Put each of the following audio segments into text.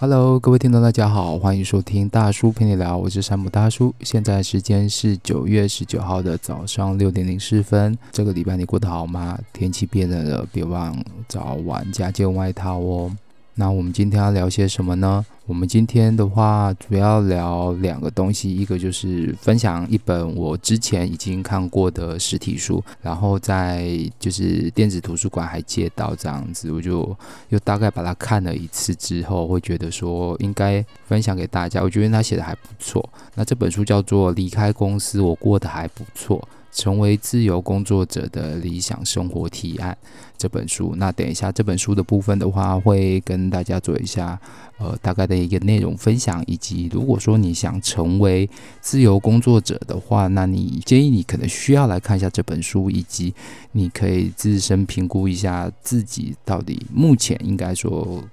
Hello，各位聽眾，大家好，歡迎收聽大叔陪你聊，我是山姆大叔。現在時間是九月十九號的早上六點零四分。這個禮拜你過得好嗎？天氣變冷了，別忘早晚加件外套哦。那我們今天要聊些什麼呢？我們今天的話主要聊兩個東西，一個就是分享一本我之前已經看過的實體書，然後在就是電子圖書館還借到這樣子，我就又大概把它看了一次之後，會覺得說應該分享給大家。我覺得他寫的還不錯。那這本書叫做《離開公司，我過得還不錯》。成為自由工作者的理想生活提案這本書。那等一下這本書的部分的話，會跟大家做一下呃大概的一個內容分享，以及如果說你想成為自由工作者的話，那你建議你可能需要來看一下這本書，以及你可以自身評估一下自己到底目前應該說。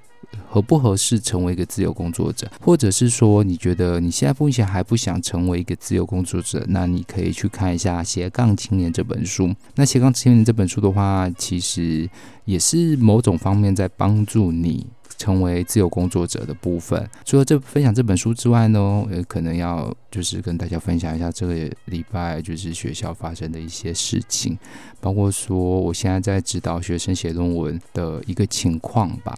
合不合適成為一個自由工作者，或者是說你覺得你現在目前還不想成為一個自由工作者，那你可以去看一下《斜槓青年》這本書。那《斜槓青年》這本書的話，其實也是某種方面在幫助你成為自由工作者的部分。除了這分享這本書之外呢，也可能要就是跟大家分享一下這個禮拜就是學校發生的一些事情，包括說我現在在指導學生寫論文的一個情況吧。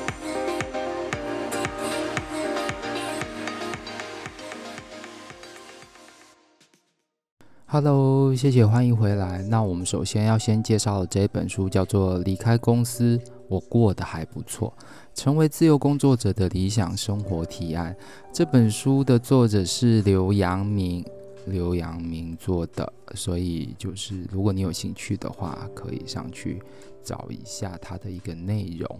Hello，謝謝歡迎回來。那我們首先要先介紹的這一本書叫做《離開公司，我過得還不錯：成為自由工作者的理想生活提案》。這本書的作者是劉揚銘。劉揚銘做的，所以就是如果你有興趣的話，可以上去找一下他的一個內容。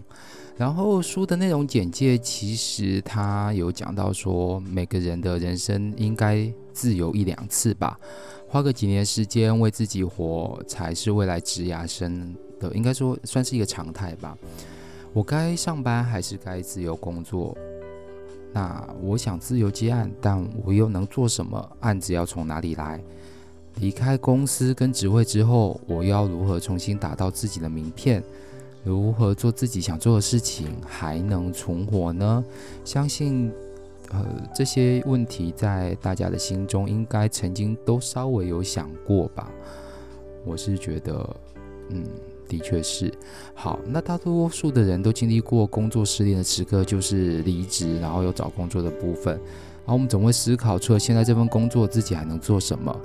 然後書的內容簡介，其實他有講到說，每個人的人生應該自由一兩次吧，花個幾年時間為自己活，才是未來職涯生的，應該說算是一個常態吧。我該上班還是該自由工作？那我想自由接案，但我又能做什麼？案子要從哪裡來？離開公司跟職位之後，我要如何重新打造自己的名片？如何做自己想做的事情還能存活呢？相信，呃，這些問題在大家的心中應該曾經都稍微有想過吧？我是覺得，嗯。的確是，好。那大多數的人都經歷過工作失戀的時刻，就是離職，然後又找工作的部分。而、啊、我們總會思考，除了現在這份工作，自己還能做什麼？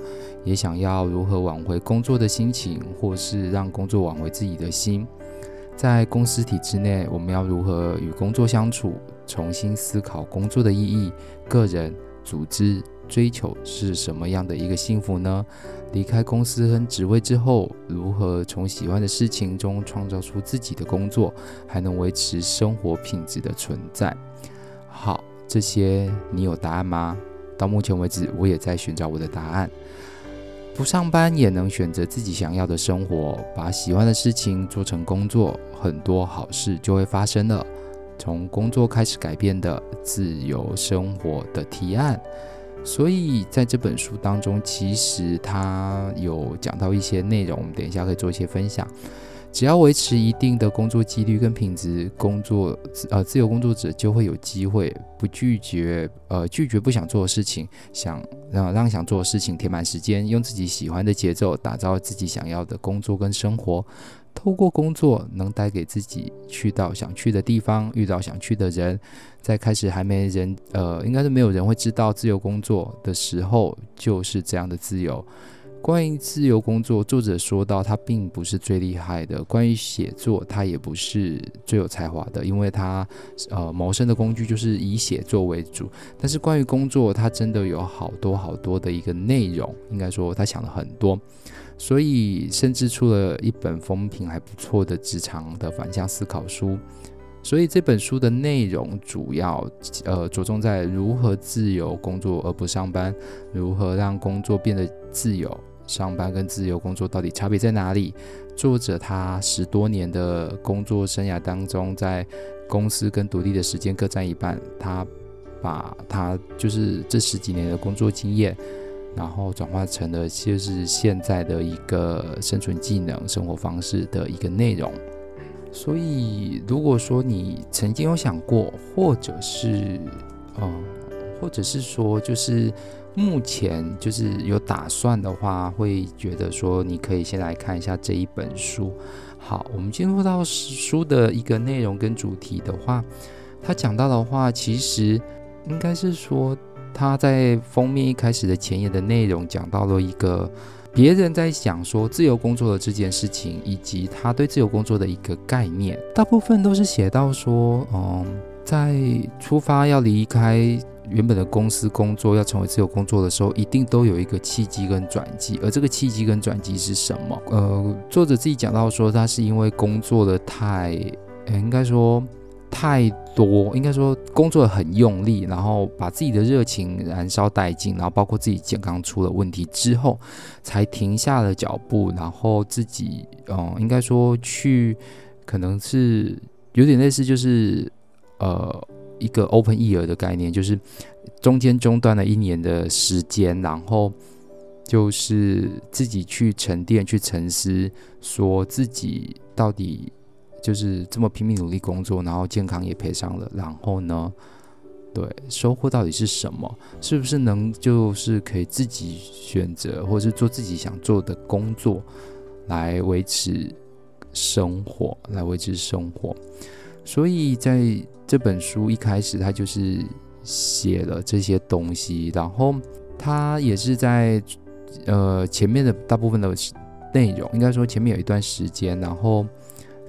也想要如何挽回工作的心情，或是讓工作挽回自己的心。在公司體制內，我們要如何與工作相處？重新思考工作的意義，個人、組織。追求是什麼樣的一個幸福呢？離開公司和職位之後，如何從喜歡的事情中創造出自己的工作，還能維持生活品質的存在？好，這些你有答案嗎？到目前為止，我也在尋找我的答案。不上班也能選擇自己想要的生活，把喜歡的事情做成工作，很多好事就會發生了。從工作開始改變的自由生活的提案。所以，在這本書當中，其實他有講到一些內容，我們等一下可以做一些分享。只要維持一定的工作紀律跟品質，工作呃，自由工作者就會有機會不拒絕呃，拒絕不想做的事情，想讓、呃、讓想做的事情填滿時間，用自己喜歡的節奏打造自己想要的工作跟生活。透過工作能帶給自己去到想去的地方，遇到想去的人，在開始還沒人，呃，應該是沒有人會知道自由工作的時候，就是這樣的自由。關於自由工作，作者說到，他並不是最厲害的，關於寫作，他也不是最有才華的，因為他，呃，謀生的工具就是以寫作為主。但是關於工作，他真的有好多好多的一個內容，應該說他想了很多。所以，甚至出了一本風評還不錯的職場的反向思考書。所以這本書的內容主要，呃，着重在如何自由工作而不上班，如何讓工作變得自由。上班跟自由工作到底差別在哪裡？作者他十多年的工作生涯當中，在公司跟獨立的時間各佔一半，他把他就是這十幾年的工作經驗。然後轉化成了就是現在的一個生存技能、生活方式的一個內容。所以，如果說你曾經有想過，或者是，嗯、呃，或者是說就是目前就是有打算的話，會覺得說你可以先來看一下這一本書。好，我們進入到書的一個內容跟主題的話，他講到的話，其實應該是說。他在封面一開始的前言的內容講到了一個別人在想說自由工作的這件事情，以及他對自由工作的一個概念。大部分都是寫到說，嗯，在出發要離開原本的公司工作，要成為自由工作的時候，一定都有一個契機跟轉機。而這個契機跟轉機是什麼？呃，作者自己講到說，他是因為工作的太，欸，應該說。太多，應該說工作很用力，然後把自己的熱情燃燒殆盡，然後包括自己健康出了問題之後，才停下了腳步，然後自己，嗯，應該說去，可能是有點類似，就是，呃，一個 open ear 的概念，就是中間中斷了一年的時間，然後就是自己去沉澱、去沉思，說自己到底。就是這麼拼命努力工作，然後健康也賠上了。然後呢，對收穫到底是什麼？是不是能就是可以自己選擇，或是做自己想做的工作來維持生活，來維持生活？所以在這本書一開始，他就是寫了這些東西。然後他也是在呃前面的大部分的內容，應該說前面有一段時間，然後。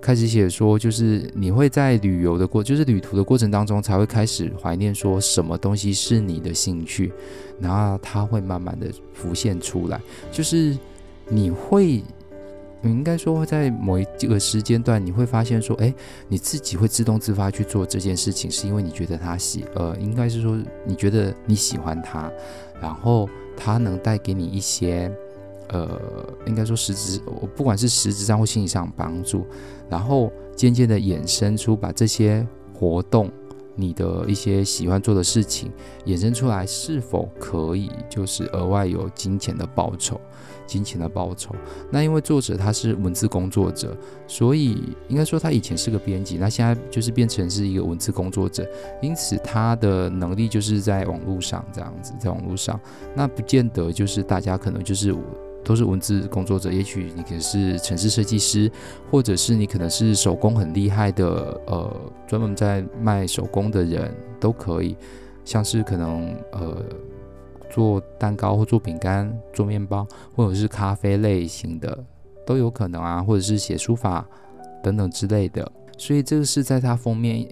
開始寫說，就是你會在旅遊的過，就是旅途的過程當中，才會開始懷念說，什麼東西是你的興趣，然後它會慢慢的浮現出來。就是你會，你應該說會在某一個時間段，你會發現說，誒你自己會自動自發去做這件事情，是因為你覺得他喜，呃，應該是說你覺得你喜歡他，然後他能帶給你一些。呃，應該說實質，我不管是實質上或心理上幫助，然後漸漸的衍生出把這些活動，你的一些喜歡做的事情衍生出來，是否可以就是額外有金錢的報酬？金錢的報酬。那因為作者他是文字工作者，所以應該說他以前是個編輯，那現在就是變成是一個文字工作者，因此他的能力就是在網絡上這樣子，在網絡上，那不見得就是大家可能就是都是文字工作者，也許你可能是程式設計師，或者是你可能是手工很厲害的，呃，專門在賣手工的人都可以，像是可能呃做蛋糕或做餅乾、做麵包，或者是咖啡類型的都有可能啊，或者是寫書法等等之類的。所以這個是在他封面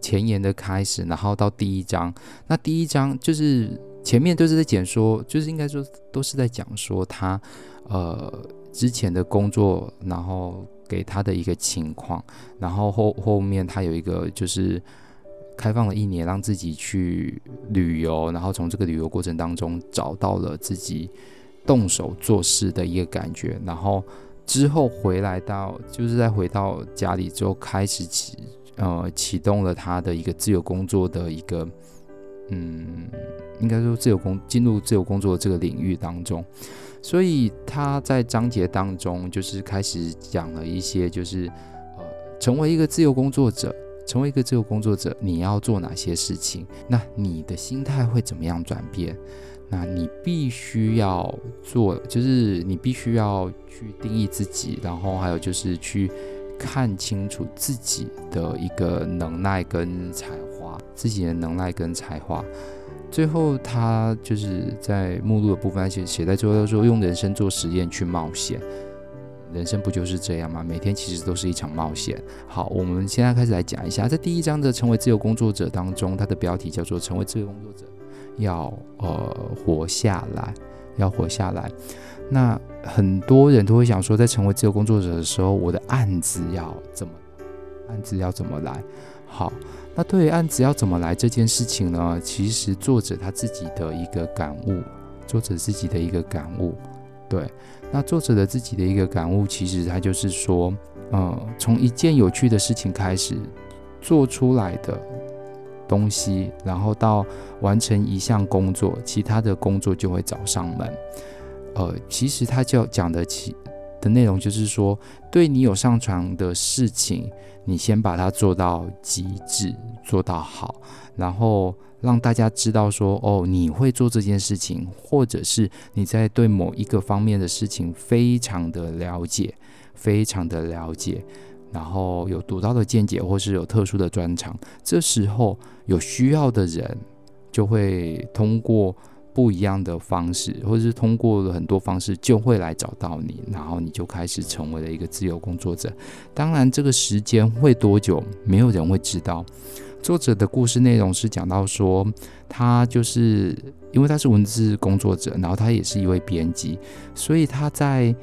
前言的開始，然後到第一章，那第一章就是。前面都是在講說，就是應該說都是在講說他，呃，之前的工作，然後給他的一個情況，然後後後面他有一個就是開放了一年，讓自己去旅遊，然後從這個旅遊過程當中找到了自己動手做事的一個感覺，然後之後回來到，就是在回到家裡之後開始啟呃啟動了他的一個自由工作的一個。嗯，應該說自由工進入自由工作這個領域當中，所以他在章節當中就是開始講了一些，就是呃，成為一個自由工作者，成為一個自由工作者，你要做哪些事情，那你的心態會怎麼樣轉變？那你必須要做，就是你必須要去定義自己，然後還有就是去看清楚自己的一個能耐跟才華。自己的能耐跟才華，最後他就是在目錄的部分寫寫在最後說，用人生做實驗去冒險，人生不就是這樣嗎？每天其實都是一場冒險。好，我們現在開始來講一下，在第一章的成為自由工作者當中，它的標題叫做“成為自由工作者要呃，活下來，要活下來”。那很多人都會想說，在成為自由工作者的時候，我的案子要怎麼，案子要怎麼來？好。那對於案子要怎麼來這件事情呢？其實作者他自己的一個感悟，作者自己的一個感悟，對，那作者的自己的一個感悟，其實他就是說，呃，從一件有趣的事情開始做出來的東西，然後到完成一項工作，其他的工作就會找上門。呃，其實他就講的其。的內容就是說，對你有上傳的事情，你先把它做到極致，做到好，然後讓大家知道說，哦，你會做這件事情，或者是你在對某一個方面的事情非常的了解，非常的了解，然後有獨到的見解，或是有特殊的專長，這時候有需要的人就會通過。不一樣的方式，或者是通過了很多方式，就會來找到你，然後你就開始成為了一個自由工作者。當然，這個時間會多久，沒有人會知道。作者的故事內容是講到說，他就是因為他是文字工作者，然後他也是一位編輯，所以他在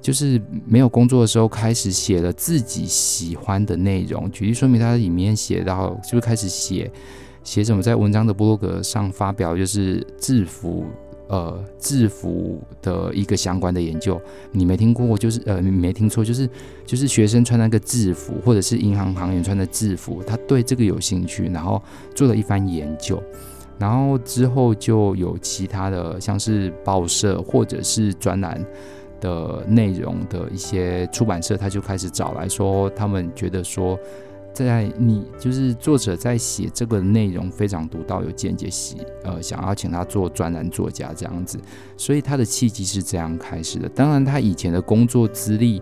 就是沒有工作的時候，開始寫了自己喜歡的內容。舉例說明，他裡面寫到，就是開始寫。寫什麼在文章的博客上發表，就是制服呃制服的一個相關的研究，你沒聽過，就是呃你沒聽錯，就是就是學生穿那個制服，或者是銀行行員穿的制服，他對這個有興趣，然後做了一番研究，然後之後就有其他的像是報社或者是專欄的內容的一些出版社，他就開始找來說，他們覺得說。在你就是作者在寫這個內容非常獨到、有見解，喜呃想要請他做專欄作家這樣子，所以他的契機是這樣開始的。當然，他以前的工作資歷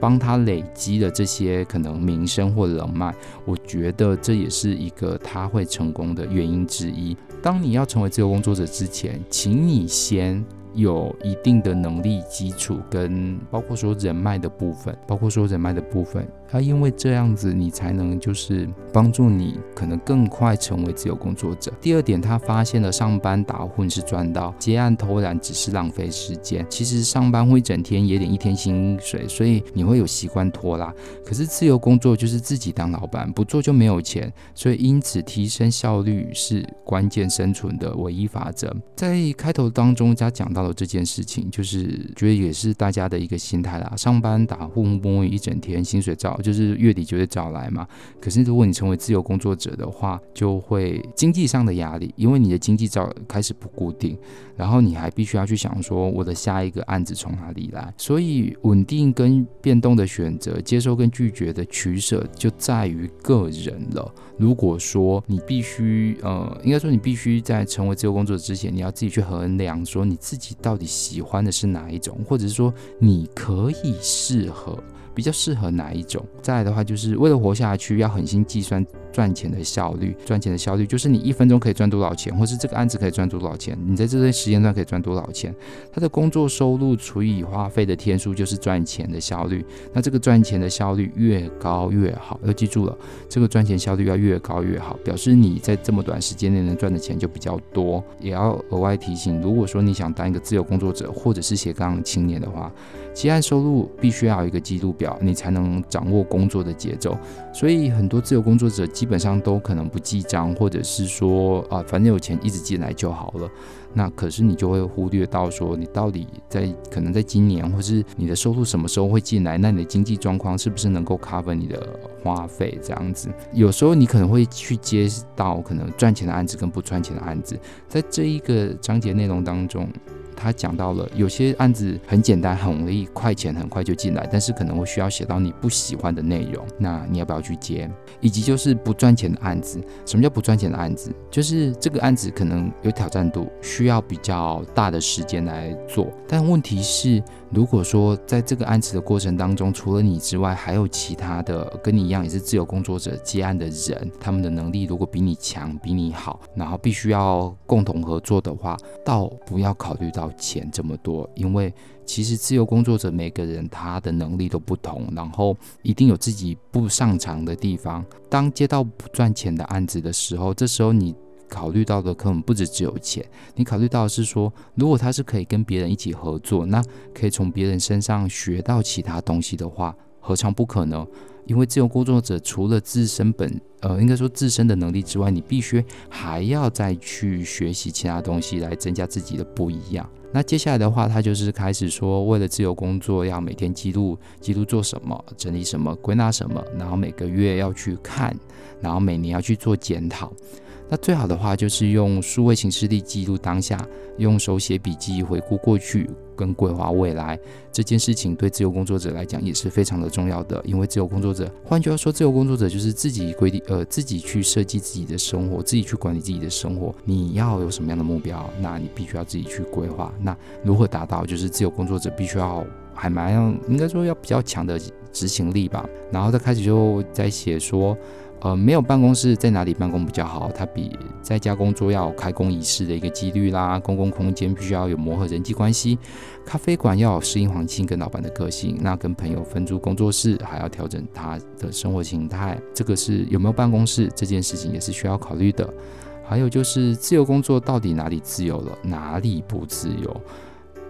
幫他累積了這些可能名聲或人脈，我覺得這也是一個他會成功的原因之一。當你要成為自由工作者之前，請你先，有一定的能力基礎跟包括說人脈的部分，包括說人脈的部分，他因為這樣子，你才能就是幫助你可能更快成為自由工作者。第二點，他發現了上班打混是賺到，接案偷懶只是浪費時間。其實上班會整天也得一天薪水，所以你會有習慣拖拉。可是自由工作就是自己當老闆，不做就沒有錢，所以因此提升效率是關鍵生存的唯一法則。在開頭當中，他講到。這件事情就是覺得也是大家的一個心態啦。上班打混混一整天，薪水照就是月底就會照來嘛。可是如果你成為自由工作者的話，就會經濟上的壓力，因為你的經濟照開始不固定，然後你還必須要去想說我的下一個案子從哪裡來。所以穩定跟變動的選擇，接受跟拒絕的取捨，就在於個人了。如果說你必須呃，應該說你必須在成為自由工作者之前，你要自己去衡量說你自己到底喜歡的是哪一種，或者是說你可以適合？比較適合哪一種？再來的話，就是為了活下去，要狠心計算賺錢的效率。賺錢的效率就是你一分鐘可以賺多少錢，或是這個案子可以賺多少錢，你在這段時間段可以賺多少錢。他的工作收入除以花費的天數就是賺錢的效率。那這個賺錢的效率越高越好，要記住了，這個賺錢效率要越高越好，表示你在這麼短時間內能賺的錢就比較多。也要額外提醒，如果說你想當一個自由工作者，或者是斜槓青年的話。接案收入必須要有一個記錄表，你才能掌握工作的節奏。所以很多自由工作者基本上都可能不記賬，或者是說啊，反正有錢一直進來就好了。那可是你就會忽略到說，你到底在可能在今年，或是你的收入什麼時候會進來？那你的經濟狀況是不是能夠 cover 你的花費？這樣子，有時候你可能會去接到可能賺錢的案子跟不賺錢的案子。在這一個章節內容當中，他講到了有些案子很簡單，很容易，快錢很快就進來，但是可能會需要寫到你不喜歡的內容。那你要不要去接？以及就是不賺錢的案子，什麼叫不賺錢的案子？就是這個案子可能有挑戰度，需需要比較大的時間來做，但問題是，如果說在這個案子的過程當中，除了你之外，還有其他的跟你一樣也是自由工作者接案的人，他們的能力如果比你強、比你好，然後必須要共同合作的話，倒不要考慮到錢這麼多，因為其實自由工作者每個人他的能力都不同，然後一定有自己不擅長的地方。當接到不賺錢的案子的時候，這時候你。考慮到的可能不止只有錢，你考慮到的是說，如果他是可以跟別人一起合作，那可以從別人身上學到其他東西的話，何嘗不可能？因為自由工作者除了自身本，呃，應該說自身的能力之外，你必須還要再去學習其他東西來增加自己的不一樣。那接下來的話，他就是開始說，為了自由工作，要每天記錄、記錄做什麼、整理什麼、歸納什麼，然後每個月要去看，然後每年要去做檢討。那最好的話就是用數位形式地記錄當下，用手寫筆記回顧過去跟規劃未來。這件事情對自由工作者來講也是非常的重要的，因為自由工作者，換句話說，自由工作者就是自己規定，呃，自己去設計自己的生活，自己去管理自己的生活。你要有什麼樣的目標，那你必須要自己去規劃。那如何達到，就是自由工作者必須要還蠻要，應該說要比較強的執行力吧。然後他開始就在寫說。呃，沒有辦公室，在哪裡辦公比較好？它比在家工作要開工儀式的一個幾率啦，公共空間必須要有磨合人際關係。咖啡館要有適應環境跟老闆的個性，那跟朋友分租工作室還要調整他的生活形態。這個是有沒有辦公室這件事情也是需要考慮的。還有就是自由工作到底哪裡自由了，哪裡不自由？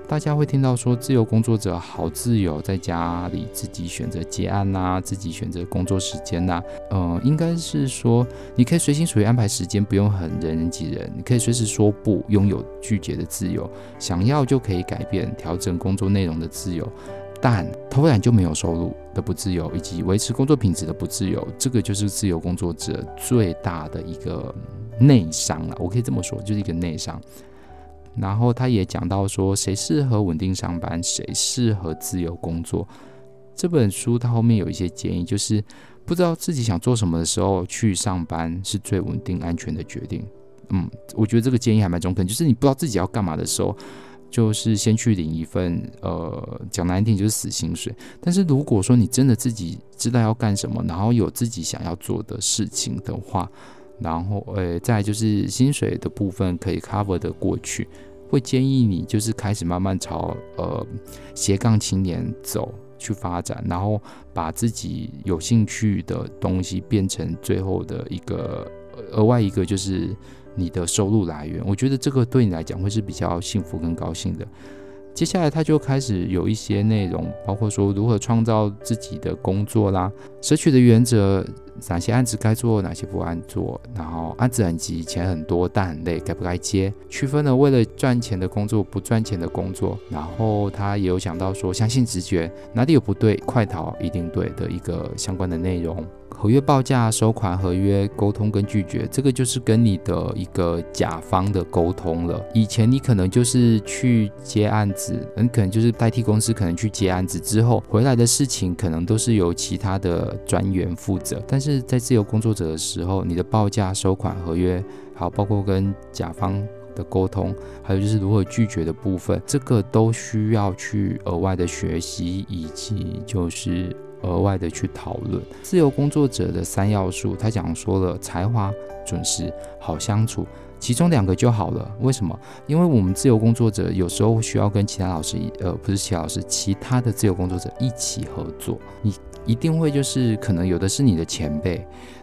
大家會聽到說自由工作者好自由，在家裡自己選擇接案吶、啊，自己選擇工作時間吶、啊，呃，應該是說你可以隨心所欲安排時間，不用很人人擠人，你可以隨時說不，擁有拒絕的自由，想要就可以改變調整工作內容的自由，但偷懶就沒有收入的不自由，以及維持工作品質的不自由，這個就是自由工作者最大的一個內傷了、啊。我可以這麼說，就是一個內傷。然後他也講到說，誰適合穩定上班，誰適合自由工作。這本書他後面有一些建議，就是不知道自己想做什麼的時候，去上班是最穩定安全的決定。嗯，我覺得這個建議還蠻中肯，就是你不知道自己要幹嘛的時候，就是先去領一份，呃，講難聽就是死薪水。但是如果說你真的自己知道要幹什麼，然後有自己想要做的事情的話，然後，呃、哎，再就是薪水的部分可以 cover 的過去，會建議你就是開始慢慢朝呃斜槓青年走去發展，然後把自己有興趣的東西變成最後的一個額外一個就是你的收入來源。我覺得這個對你來講會是比較幸福跟高興的。接下來他就開始有一些內容，包括說如何創造自己的工作啦，攝取的原則，哪些案子該做，哪些不該做，然後案子很急，錢很多但很累，該不該接？區分了為了賺錢的工作，不賺錢的工作。然後他也有講到說，相信直覺，哪裡有不對，快逃一定對的一個相關的內容。合約報價、收款、合約溝通跟拒絕，這個就是跟你的一個甲方的溝通了。以前你可能就是去接案子，很可能就是代替公司，可能去接案子之後回來的事情，可能都是由其他的專員負責。但是在自由工作者的時候，你的報價、收款、合約，好，包括跟甲方的溝通，還有就是如何拒絕的部分，這個都需要去額外的學習，以及就是。額外的去討論自由工作者的三要素，他講說了才華、準時、好相處，其中兩個就好了。為什麼？因為我們自由工作者有時候需要跟其他老師，呃，不是其他老師，其他的自由工作者一起合作，你一定會就是可能有的是你的前輩，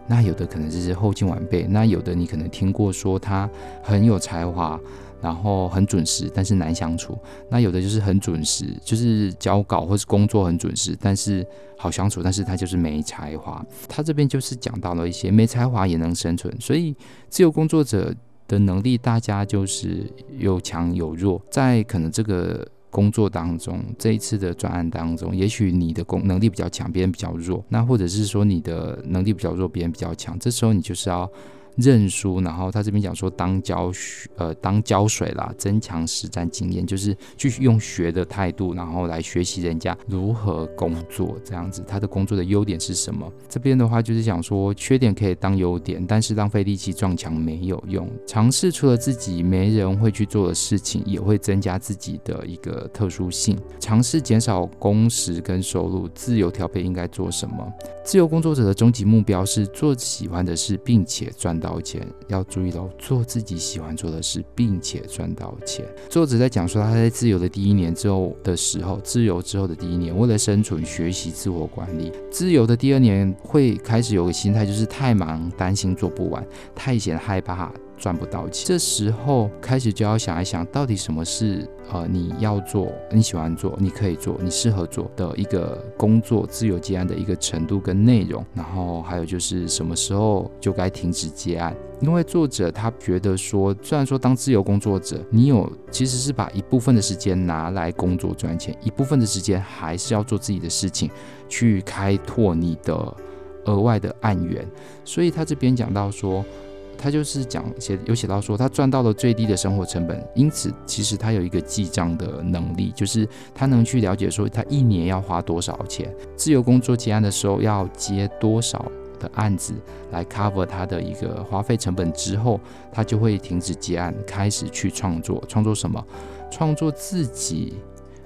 那有的可能就是後進晚輩，那有的你可能聽過說他很有才華。然後很準時，但是難相處。那有的就是很準時，就是交稿或是工作很準時，但是好相處。但是他就是沒才華。他這邊就是講到了一些沒才華也能生存，所以自由工作者的能力大家就是有強有弱。在可能這個工作當中，這一次的專案當中，也許你的工能力比較強，別人比較弱。那或者是說你的能力比較弱，別人比較強。這時候你就是要。認輸，然後他這邊講說，當教學，呃，當澆水啦，增強實戰經驗，就是去用學的態度，然後來學習人家如何工作這樣子。他的工作的優點是什麼？這邊的話就是想說，缺點可以當優點，但是浪費力氣撞牆沒有用。嘗試除了自己沒人會去做的事情，也會增加自己的一個特殊性。嘗試減少工時跟收入，自由調配應該做什麼？自由工作者的終極目標是做喜歡的事，並且賺。到錢要注意到做自己喜歡做的事，並且賺到錢。作者在講說，他在自由的第一年之後的時候，自由之後的第一年，為了生存學習自我管理。自由的第二年會開始有個心態，就是太忙，擔心做不完，太閒害怕，賺不到錢，這時候開始就要想一想，到底什麼是呃你要做、你喜歡做、你可以做、你適合做的一個工作，自由接案的一個程度跟內容，然後還有就是什麼時候就該停止接案，因為作者他覺得說，雖然說當自由工作者，你有其實是把一部分的時間拿來工作賺錢，一部分的時間還是要做自己的事情，去開拓你的額外的案源，所以他這邊講到說。他就是講寫有寫到說，他賺到了最低的生活成本，因此其實他有一個記賬的能力，就是他能去了解說他一年要花多少錢，自由工作接案的時候要接多少的案子來 cover 他的一個花費成本之後，他就會停止接案，開始去創作。創作什麼？創作自己。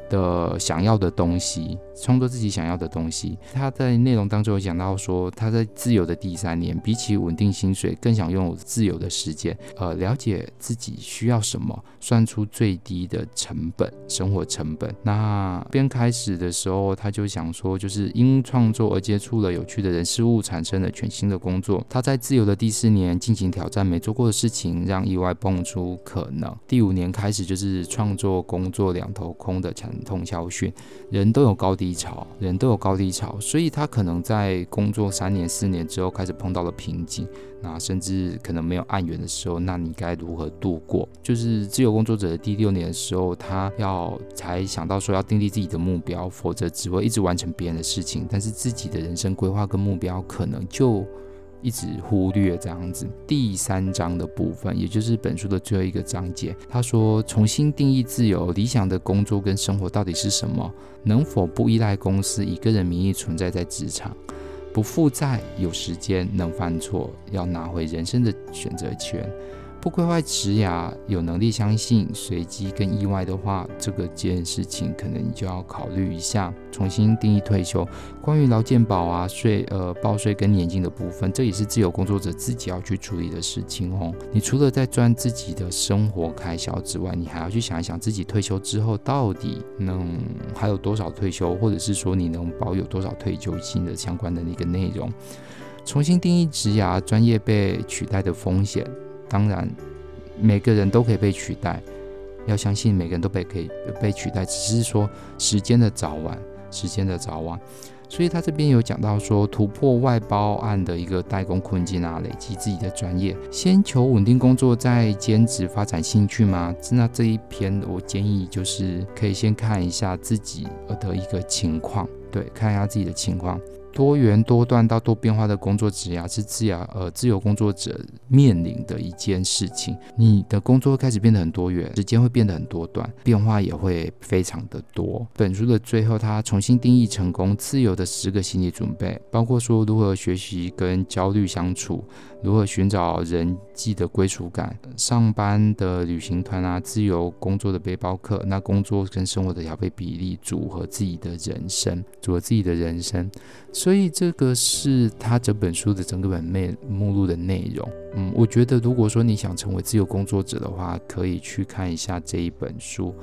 的想要的東西，創作自己想要的東西。他在內容當中有講到說，他在自由的第三年，比起穩定薪水，更想擁有自由的時間，呃，了解自己需要什麼，算出最低的成本，生活成本。那邊開始的時候，他就想說，就是因創作而接觸了有趣的人事物，產生了全新的工作。他在自由的第四年進行挑戰，沒做過的事情，讓意外蹦出可能。第五年開始就是創作工作兩頭空的產生。通宵訓，人都有高低潮，人都有高低潮，所以他可能在工作三年、四年之後，開始碰到了瓶頸，那甚至可能沒有案源的時候，那你該如何度過？就是自由工作者的第六年的時候，他要才想到說要訂立自己的目標，否則只會一直完成別人的事情，但是自己的人生規劃跟目標可能就一直忽略這樣子。第三章的部分，也就是本書的最後一個章節。他說，重新定義自由，理想的工作跟生活到底是什麼？能否不依賴公司，以個人名義存在在職場？不負債，有時間，能犯錯，要拿回人生的選擇權。不規劃職涯，有能力相信隨機跟意外的話，這個件事情可能你就要考慮一下，重新定義退休。關於勞健保啊、稅呃、報稅跟年金的部分，這也是自由工作者自己要去處理的事情哦。你除了在賺自己的生活開銷之外，你還要去想一想自己退休之後到底能還有多少退休，或者是說你能保有多少退休金的相關的那個內容。重新定義職涯專業被取代的風險。當然，每個人都可以被取代，要相信每個人都被可以被取代，只是說時間的早晚，時間的早晚。所以他這邊有講到說，突破外包案的一個代工困境啊，累積自己的專業，先求穩定工作，再兼職發展興趣嗎？那這一篇我建議就是可以先看一下自己的一個情況，對，看一下自己的情況。多元多段到多變化的工作職涯是自由，呃、自由工作者面臨的一件事情。你的工作開始變得很多元，時間會變得很多段，變化也會非常的多。本書的最後，他重新定義成功自由的十個心理準備，包括說如何學習跟焦慮相處，如何尋找人際的歸屬感，上班的旅行團啊，自由工作的背包客，那工作跟生活的調配比例組合自己的人生，組合自己的人生。所以這個是他這本書的整個本內目錄的內容。嗯，我覺得如果說你想成為自由工作者的話，可以去看一下這一本書。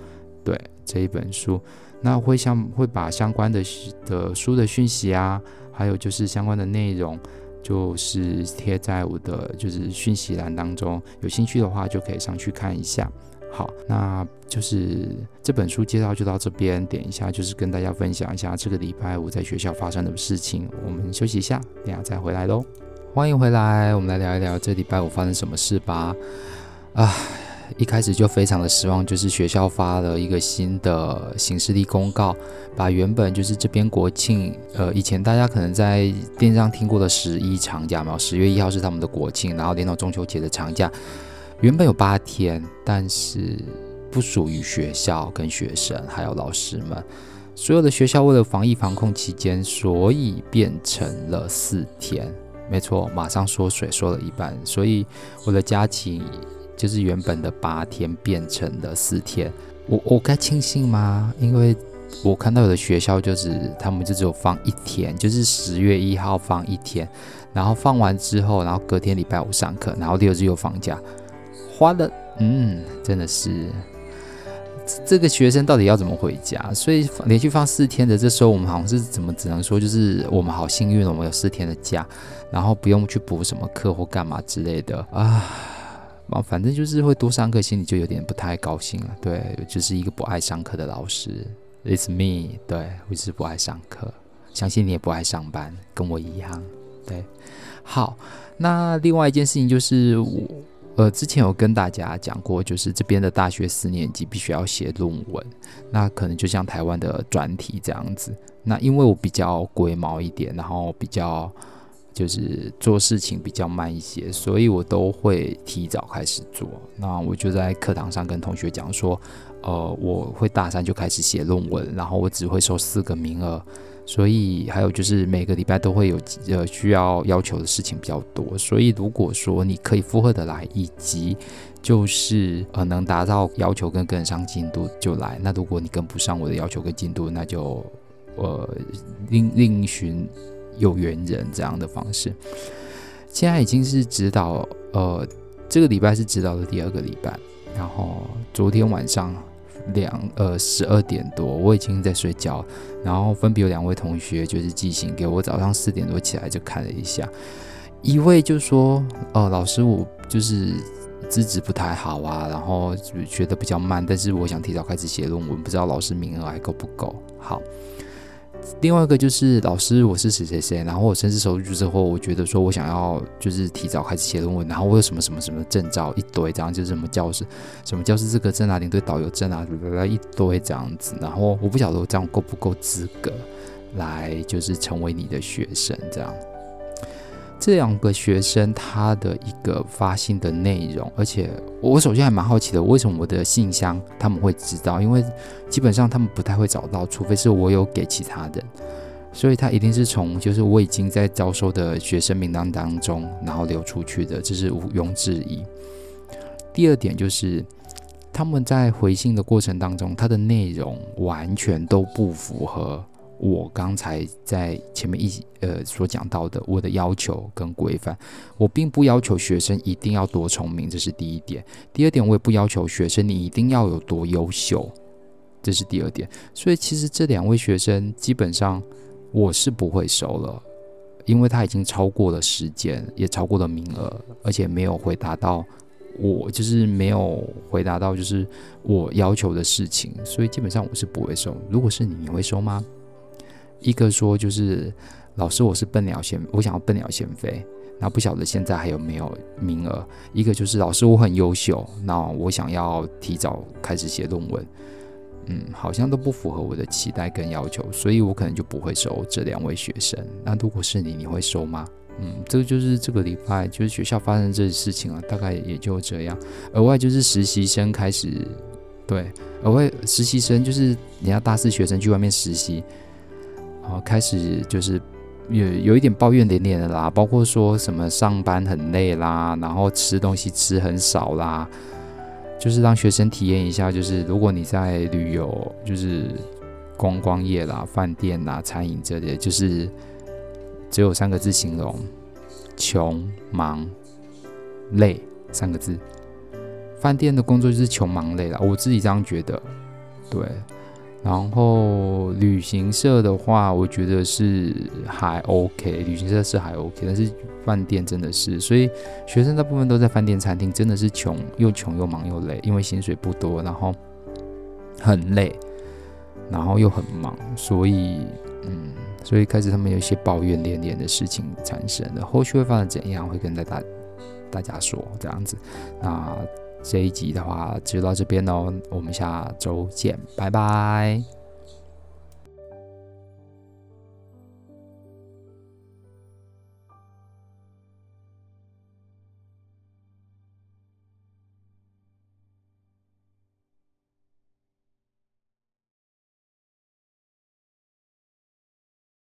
對，這一本書，那會像會把相關的的書的訊息啊，還有就是相關的內容，就是貼在我的就是訊息欄當中。有興趣的話，就可以上去看一下。好，那就是這本書介紹就到這邊。點一下就是跟大家分享一下這個禮拜五在學校發生的事情。我們休息一下，等下再回來嘍。歡迎回來，我們來聊一聊這禮拜五發生什麼事吧。啊、呃，一開始就非常的失望，就是學校發了一個新的行事曆公告，把原本就是這邊國慶，呃，以前大家可能在電視上聽過的十一長假嘛，十月一號是他們的國慶，然後連到中秋節的長假。原本有八天，但是不屬於學校跟學生，還有老師們。所有的學校為了防疫防控期間，所以變成了四天。沒錯，馬上縮水，縮了一半。所以我的假期就是原本的八天變成了四天。我我該慶幸嗎？因為我看到有的學校就是他們就只有放一天，就是十月一號放一天，然後放完之後，然後隔天禮拜五上課，然後六日又放假。花了，嗯，真的是這個學生到底要怎麼回家？所以連續放四天的，這時候我們好像是怎麼只能說，就是我們好幸運，我們有四天的假，然後不用去補什麼課或幹嘛之類的啊。反正就是會多上課，心裡就有點不太高興了。對，就是一個不愛上課的老師，It's me。對，我一直不愛上課，相信你也不愛上班，跟我一樣。對，好，那另外一件事情就是我。是呃，之前有跟大家講過，就是這邊的大學四年級必須要寫論文，那可能就像台灣的專題這樣子。那因為我比較龜毛一點，然後比較就是做事情比較慢一些，所以我都會提早開始做。那我就在課堂上跟同學講說，呃，我會大三就開始寫論文，然後我只會收四個名額。所以還有就是每個禮拜都會有呃需要要求的事情比較多，所以如果說你可以負荷的來，以及就是呃能達到要求跟跟上進度就來。那如果你跟不上我的要求跟進度，那就呃另另尋有緣人這樣的方式。現在已經是指導呃這個禮拜是指導的第二個禮拜，然後昨天晚上。兩呃十二點多，我已經在睡覺，然後分別有兩位同學就是寄信給我，早上四點多起來就看了一下，一位就說，哦、呃、老師我就是資質不太好啊，然後學得比較慢，但是我想提早開始寫論文，不知道老師名額還夠不夠？好。另外一個就是老師，我是誰誰誰，然後我甚至碩士之後，我覺得說我想要就是提早開始寫論文，然後我有什麼什麼什麼證照一堆，這樣就是什麼教師什麼教師資格證啊，領隊導遊證啊，一堆這樣子，然後我不曉得我這樣夠不夠資格來就是成為你的學生這樣。這兩個學生他的一個發信的內容，而且我首先還蠻好奇的，為什麼我的信箱他們會知道？因為基本上他們不太會找到，除非是我有給其他人，所以他一定是從就是我已經在招收的學生名單當中，然後流出去的，這是毋庸置疑。第二點就是他們在回信的過程當中，他的內容完全都不符合。我剛才在前面一集呃所講到的我的要求跟規範，我並不要求學生一定要多聰明，這是第一點。第二點，我也不要求學生你一定要有多優秀，這是第二點。所以其實這兩位學生基本上我是不會收了，因為他已經超過了時間，也超過了名額，而且沒有回答到我就是沒有回答到就是我要求的事情，所以基本上我是不會收。如果是你，你會收嗎？一個說就是，老師，我是笨鳥先，我想要笨鳥先飛。那不曉得現在還有沒有名額？一個就是老師，我很優秀，那我想要提早開始寫論文。嗯，好像都不符合我的期待跟要求，所以我可能就不會收這兩位學生。那如果是你，你會收嗎？嗯，這個就是這個禮拜就是學校發生這些事情啊，大概也就這樣。額外就是實習生開始，對，額外實習生就是人家大四學生去外面實習。後開始就是有有一點抱怨連連的啦，包括說什麼上班很累啦，然後吃東西吃很少啦，就是讓學生體驗一下，就是如果你在旅遊，就是觀光業啦、飯店啦、餐飲這些，就是只有三個字形容：窮、忙、累。三個字。飯店的工作就是窮、忙、累啦，我自己這樣覺得，對。然後旅行社的話，我覺得是還 OK，旅行社是還 OK，但是飯店真的是，所以學生大部分都在飯店、餐廳，真的是窮，又窮又忙又累，因為薪水不多，然後很累，然後又很忙，所以，嗯，所以開始他們有一些抱怨連連的事情產生了，後續會發展怎樣，會跟大家大家說這樣子，啊。這一集的話就到這邊嘍，我們下周見，拜拜。